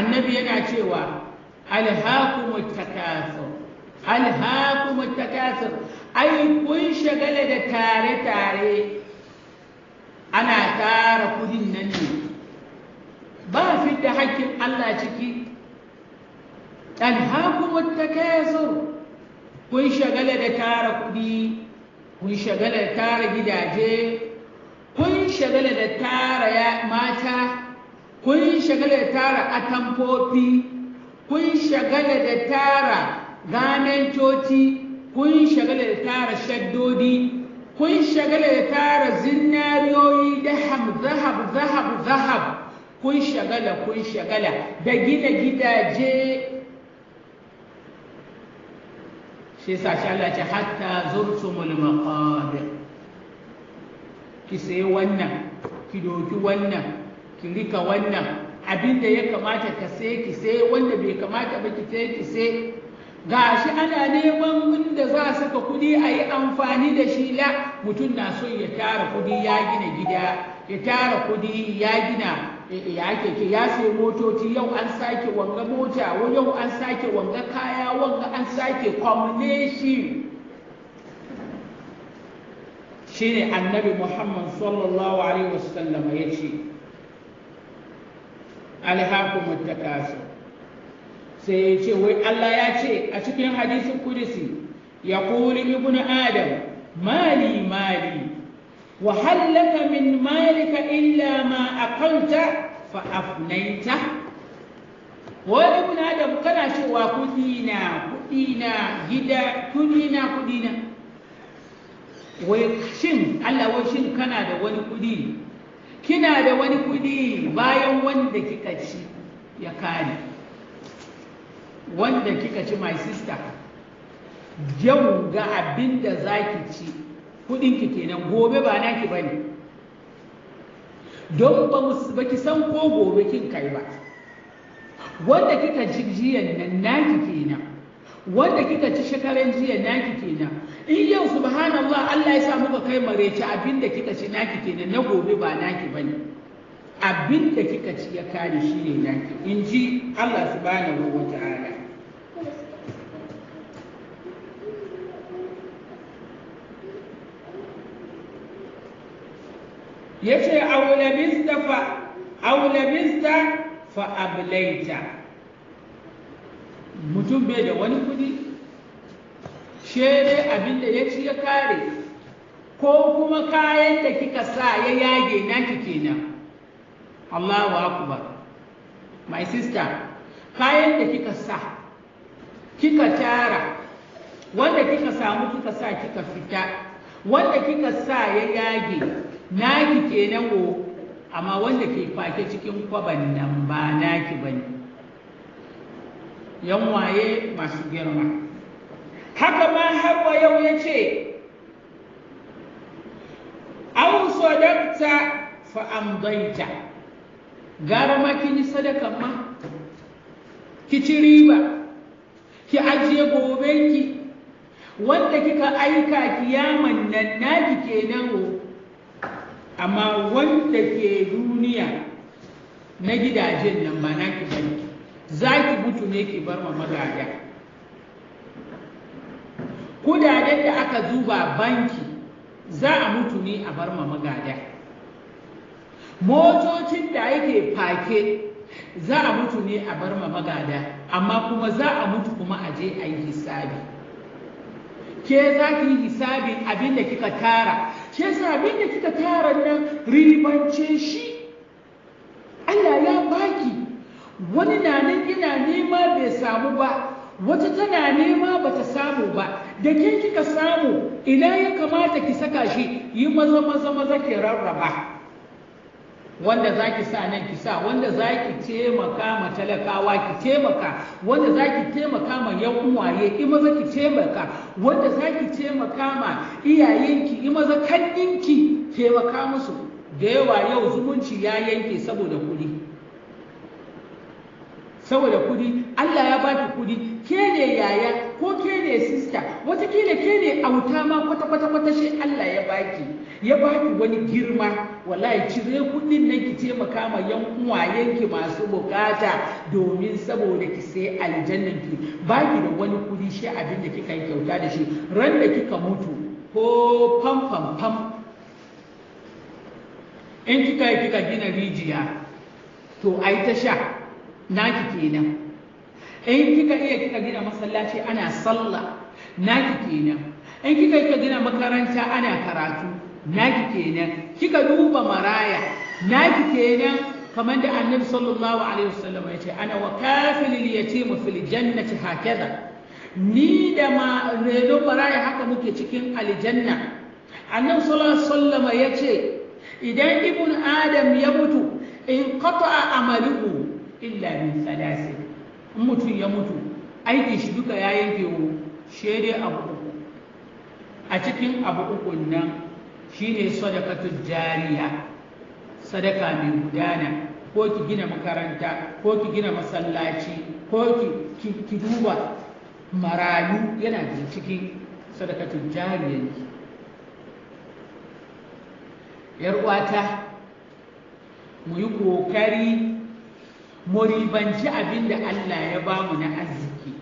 annabi yana cewa alhaakumut takathur alhaakumut takathur ai kun shagala da tare tare ana tara kudin nan ne ba fi da hakkin Allah ciki alhaakumut takathur kun shagala da tara kudi kun shagala da tara gidaje kun shagala da tara mata kun shagala da tara atamfofi kun shagala da tara ganen coci kun shagala da tara shaddodi kun shagala da tara zinariyoyi da zahab zahab zahab kun shagala kun shagala da gina gidaje shi sa shi Allah ce hatta zurtumul maqabir ki sayi wannan ki doki wannan ki rika wannan abin da ya kamata ka sai ki sai wanda bai kamata ba ki sai ki sai ga shi ana neman inda za a saka kudi a yi amfani da shi la mutum na son ya tara kudi ya gina gida ya tara kudi ya gina eh, ya keke ya sai motoci yau an sake wanga mota yau an sake wanga kaya wanga an sake combination shine annabi muhammad sallallahu alaihi wasallam ya ce alhakum takasur sai ya ce wai Allah ya ce a cikin hadisin kudisi ya kuli ibn adam mali mali wa hallaka min malika illa ma aqalta fa afnaita Wani ibn adam kana cewa kudi na kudi na gida kudi na kudi na wai shin Allah wai shin kana da wani kudi kina da wani kuɗi bayan wanda kika ci ya kare wanda kika ci my sister yau ga abin da za ki ci ki kenan gobe ba naki ba ne don ba ki san ko gobe kin kai ba wanda kika ci jiyan nan naki kenan wanda kika ci shekaran na naki kenan in yau subhanallah Allah ya sa muka kai mareci abinda kika ci naki kenan na gobe ba naki bane abinda kika ci ya kare shi ne naki in ji Allah subhanahu wa ta'ala yace aw bista fa aw bista fa ablaita mutum bai da wani kudi shere abinda ya ci ya kare ko kuma kayan da kika sa ya yage naki kenan Allahu akbar my sister kayan da kika sa kika tara wanda kika samu kika sa kika fita wanda kika sa ya yage naki kenan wo amma wanda ke fake cikin kwaban nan ba naki bane yan waye masu girma haka ma hawa yau ya ce an sadakta fa'amdaita gara ma kin yi sadaka ma ki ci riba ki ajiye gobe ki wanda kika aika kiyaman nan naki kenan o amma wanda ke duniya na gidajen nan ba naki bane za ki mutu ne ki bar ma magada kudaden da aka zuba banki za a mutu ne a bar ma magada motocin da yake fake za a mutu ne a bar ma magada amma kuma za a mutu kuma a je a yi hisabi ke za ki yi hisabin abin da kika tara ke sa abin da kika tara nan ribance shi Allah ya baki wani na nan ina nema bai samu ba wata tana nema bata samu ba da ke kika samu ina ya kamata ki saka shi yi maza maza maza ki rarraba wanda za ki sa nan ki sa wanda za ki taimaka ma talakawa ki taimaka wanda za ki taimaka ma yan uwaye ki maza ki taimaka wanda za ki taimaka ma iyayenki ki maza kanninki taimaka musu da yawa yau zumunci ya yanke saboda kuɗi saboda kuɗi Allah ya baki kuɗi yaya ko ke ne sista watakila ke ne auta ma kwata kwata kwata shi Allah ya baki ya baki wani girma wallahi cire kudin nan ki taimaka ma yan ki masu bukata domin saboda ki sai aljannan ki baki da wani kudi shi abin da kika kyauta da shi ran da kika mutu ko pam pam pam in kika yi kika gina rijiya to ai ta sha naki kenan in kika iya kika gina masallaci ana sallah naki kenan in kika iya gina makaranta ana karatu naki kenan kika duba maraya naki kenan kamar da annabi sallallahu alaihi wasallam ya ce ana wakafil yatim fil jannati hakaza ni da ma redo maraya haka muke cikin aljanna annabi sallallahu alaihi wasallam ya ce idan ibnu adam ya mutu in qata'a amaluhu illa min salasin in mutum ya mutu aikin shi duka ya yanke wo dai abu uku a cikin abu uku nan shine sadakatul jariya sadaka mai gudana ko ki gina makaranta ko ki gina masallaci ko ki duba marayu yana da cikin sadakatun jariyanki yar uwata mu yi kokari mu ribanci abin da Allah ya bamu na arziki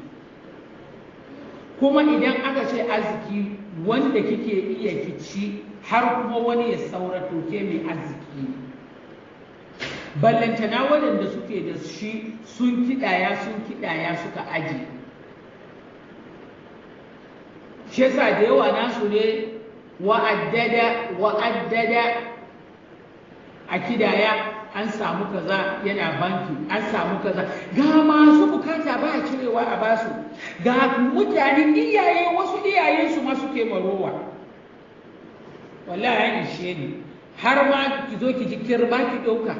kuma idan aka ce arziki wanda kike iya kici har kuma wani ya saurato ke mai arziki ballantana waɗanda suke da shi sun kiɗaya sun kiɗaya suka aji shi da yawa nasu ne wa'addada wa'addada a kidaya an samu kaza yana banki an samu kaza ga masu bukata ba a cirewa a basu ga mutane iyaye wasu iyayensu ma suke marowa wallahi ya ishe ne har ma ki zo ki ji ba ki ɗauka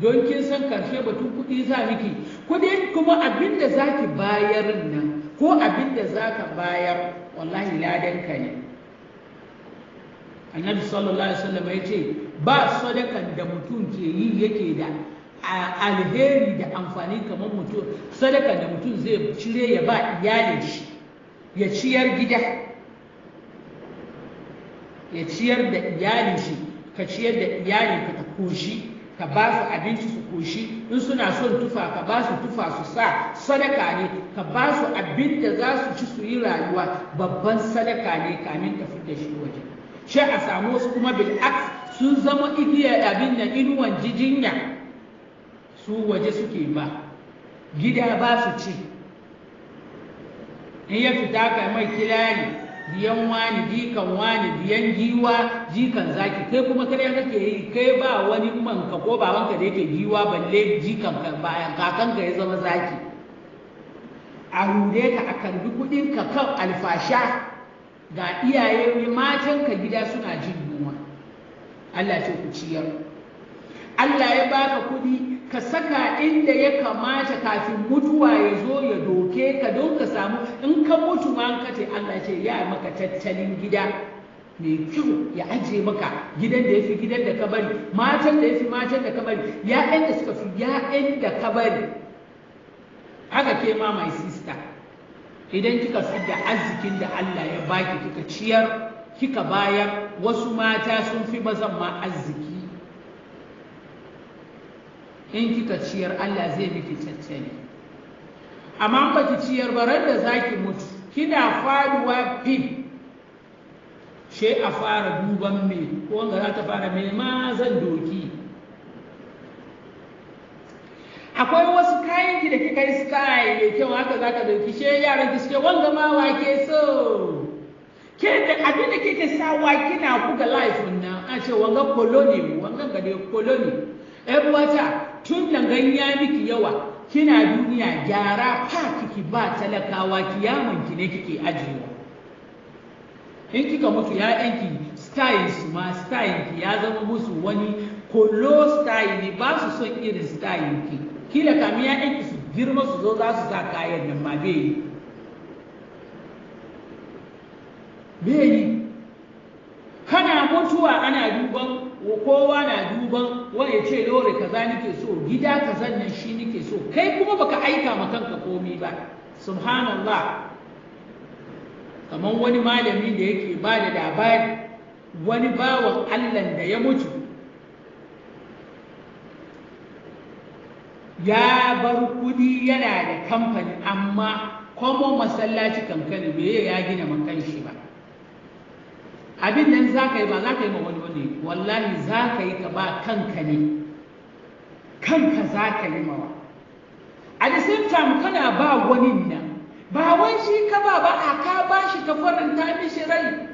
don kin san karshe batun kuɗi za miki kuɗi kuma abin da za ki bayar nan ko abin da za ka bayar wallahi ladanka ne annabi sallallahu alaihi wasallam ya ce ba sadakan da mutum ke yi yake da alheri da amfani kamar mutum sadakan da mutum zai cire ya ba iyalin shi ya ciyar gida ya ciyar da iyalin shi ka ciyar da iyalin ka koshi ka ba su abinci su koshi in suna son tufa ka ba su tufa su sa sadaka ne ka ba su abin da za su ci su yi rayuwa babban sadaka ne kamin ka fita shi waje shi a samu wasu kuma bil'aks sun zama igiya abin nan inuwan jijinya su waje suke ba gida ba su ci in ya fita ka mai kirari biyan wani jikan wani biyan giwa jikan zaki kai kuma kare kake yi kai ba wani manka ko wanka da yake giwa balle jikan bayan ka ya zama zaki a rude ka a karbi kudin ka kan alfasha ga iyaye matan ka gida suna jin Allah ce ku ciyar Allah ya baka kudi ka saka inda ya kamata kafin mutuwa ya zo ya doke ka don ka samu in ka mutu ma ka ce Allah ce ya maka tattalin gida mai kyau ya ajiye maka gidan da ya fi gidan da ka bari matan da ya fi matan da ka bari ya'yan da suka fi ya'yan da ka bari haka ke ma my sister idan kika fi da arzikin da Allah ya baki kika ciyar kika bayar wasu mata sun fi mazan ma arziki in kika ciyar Allah zai miki cancani amma ba ki ciyar ba da za ki mutu kina faduwa fim she a fara duban me wanda za ta fara me ma zan doki akwai wasu kayan ki da kika yi sky mai kyau haka za ka doki she yaran ki suke wanga ma wake so ke da abin da kike sawa kina buga life na a ce wanga koloni wanga gade koloni ɗan wata tun da ganya miki yawa kina duniya gyara fa kiki ba talakawa kiyamun ki ne kike ajiyewa in kika mutu ya'yanki style su ma style ki ya zama musu wani kolo style ne ba su son irin style ki kila ya ya'yanki su girma su zo za su sa kayan nan ma bai bai yi kana mutuwa ana duban kowa na duban wani ya ce lore kaza nike so gida kaza nan shi nike so kai kuma baka aika ma kanka komi ba subhanallah kamar wani malami da yake ba da labari wani bawan allah da ya mutu ya bar kudi yana da kamfani amma kuma masallaci kankani bai ya gina kan shi ba abin nan za ka yi ba za ka yi ma wani wani wallahi za ka yi ka ba kanka ne kanka za ka yi mawa a da same time kana ba wani nan ba wai shi ka ba ba a ka ba shi ka faranta mishi rai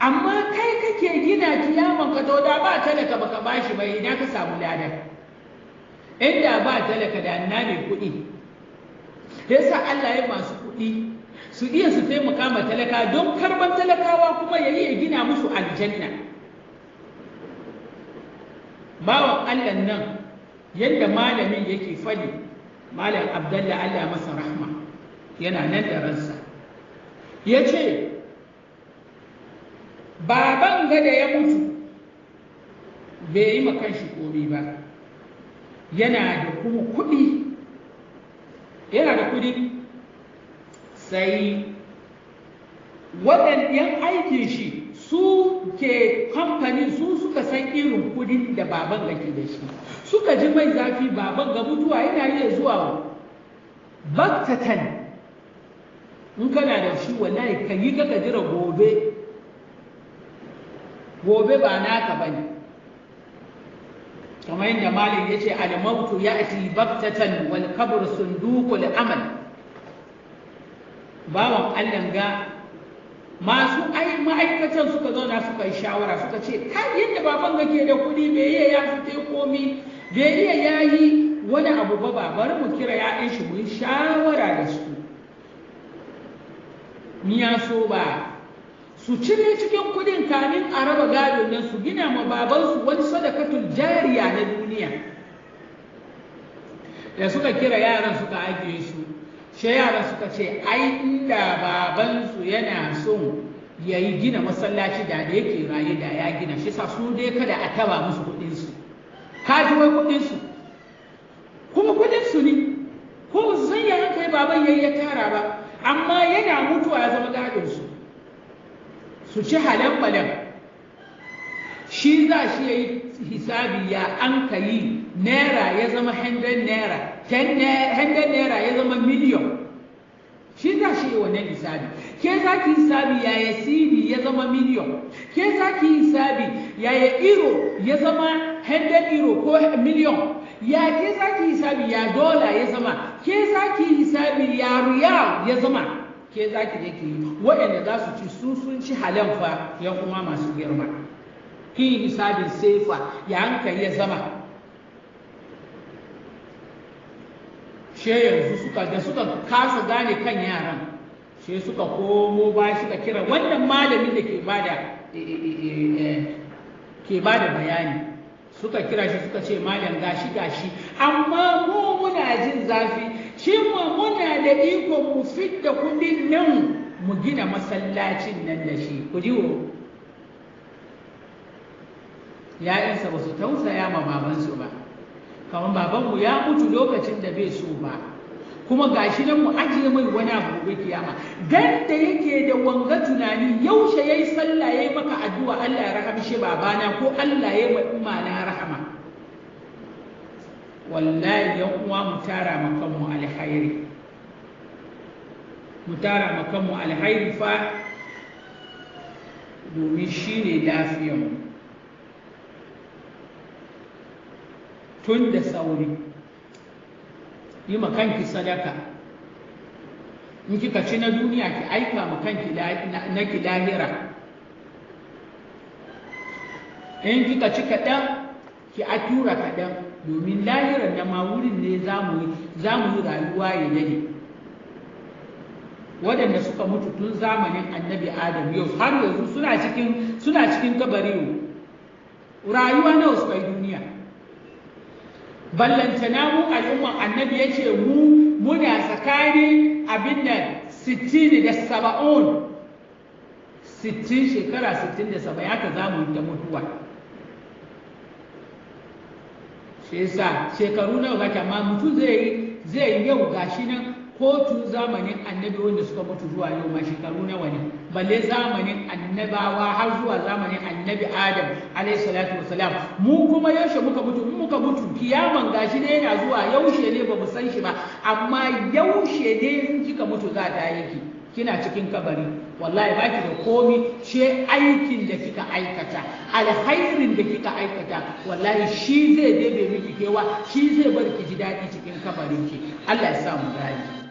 amma kai kake gina kiyaman ka to da ba talaka ka ba shi ba idan ka samu ladan inda ba talaka da na ne kuɗi yasa Allah ya masu kuɗi su iya su taimaka ma talaka don karban talakawa kuma ya ya gina musu aljanna bawan allah nan yadda malamin yake fadi malam abdallah allah masa rahma yana nan da ransa ya ce baban da ya mutu bai yi makan shi komi ba yana da kuma kuɗi yana da kuɗi sai waɗannan aikin shi su ke kamfanin su suka san irin kudin da baban ga ke da shi suka ji mai zafi baban ga mutuwa yana iya zuwa baktatan in kana da shi wallahi ka yi ka jira gobe gobe ba naka bane kamar yadda malik ya ce almautu ya ati baktatan wal kabr sundukul amal bawan allan ga masu ma'aikatan suka zauna suka yi shawara suka ce kai yadda baban ga ke da kuɗi bai iya ya fite komi bai iya ya yi wani abu ba ba bari mu kira ya'yan shi mu yi shawara da su ni so ba su cire cikin kuɗin kamin a raba gado nan su gina ma babansu wani sadakatul jariya na duniya da suka kira yaran suka ajiye su sai yara suka ce ai inda babansu yana son ya yi gina masallaci da da yake raye da ya gina shi sa su dai kada a taba musu kuɗinsu ka ji wai kuɗinsu kuma kuɗinsu ne ko su san ya kai baban yayi ya tara ba amma yana mutuwa ya zama gadin su su ci halan balan shi za shi ya hisabi ya an naira ya zama hundred naira hundred naira ya zama miliyon shi za shi yi wannan hisabi ke za ki hisabi yaya sidi ya zama miliyon ke za ki hisabi yaya iro ya zama hundred iro ko miliyon ya ke za ki hisabi ya dola ya zama ke za ki hisabi ya riyal ya zama ke za ki je yi waɗanda za su ci sun sun ci halan fa ya kuma masu girma yi hisabin sefa ya hankali ya zama yanzu suka da suka kasa gane kan yaran she suka komo ba suka kira wannan malamin da ke bada eh, eh, eh, ke da bayani suka kira shi suka ce malam gashi gashi amma mu muna jin zafi shi mu muna da iko mu fidda kudin nan mu gina masallacin nan da shi kudi wo ya'yansa ba su tausaya ma babansu ba kamar babanmu ya mutu lokacin da bai so ba kuma gashi nan mu ajiye mai wani abu gobe kiyama ganda yake da wanga tunani yaushe yayi sallah yayi maka addu'a Allah ya rahamshe babana ko Allah ya ma umma na rahama wallahi yan uwa mu tara makan mu alkhairi mu tara makan mu alkhairi fa domin shine lafiyar mu tun da sauri yi kanki sadaka in kika ci na duniya ki aika makanki na ki lahira in kika ci kaɗan ki a tura kaɗan domin lahirar da ma wurin ne za mu yi rayuwa ya dade waɗanda suka mutu tun zamanin annabi adam yau har yanzu suna cikin kabari rayuwa nawa suka yi duniya ballantana mu al'umma annabi ya ce mu muna tsakanin abin da sittini da saba'un sittin shekara sittin da saba ya ka zamu da mutuwa shi yasa shekaru nawa kake amma mutum zai yi yau gashi nan kotu zamanin annabi wanda suka mutu zuwa yau ma shekaru nawa ne balle zamanin annabawa har zuwa zamanin annabi adam alaihi salatu wasalam mu kuma yaushe muka mutu mu muka mutu kiyaman gashi ne yana zuwa yaushe ne ba mu san shi ba amma yaushe ne in kika mutu za ta yake kina cikin kabari wallahi baki da komi ce aikin da kika aikata alhairin da kika aikata wallahi shi zai debe miki kewa shi zai bar ki ji daɗi cikin kabarin ki Allah ya sa mu gani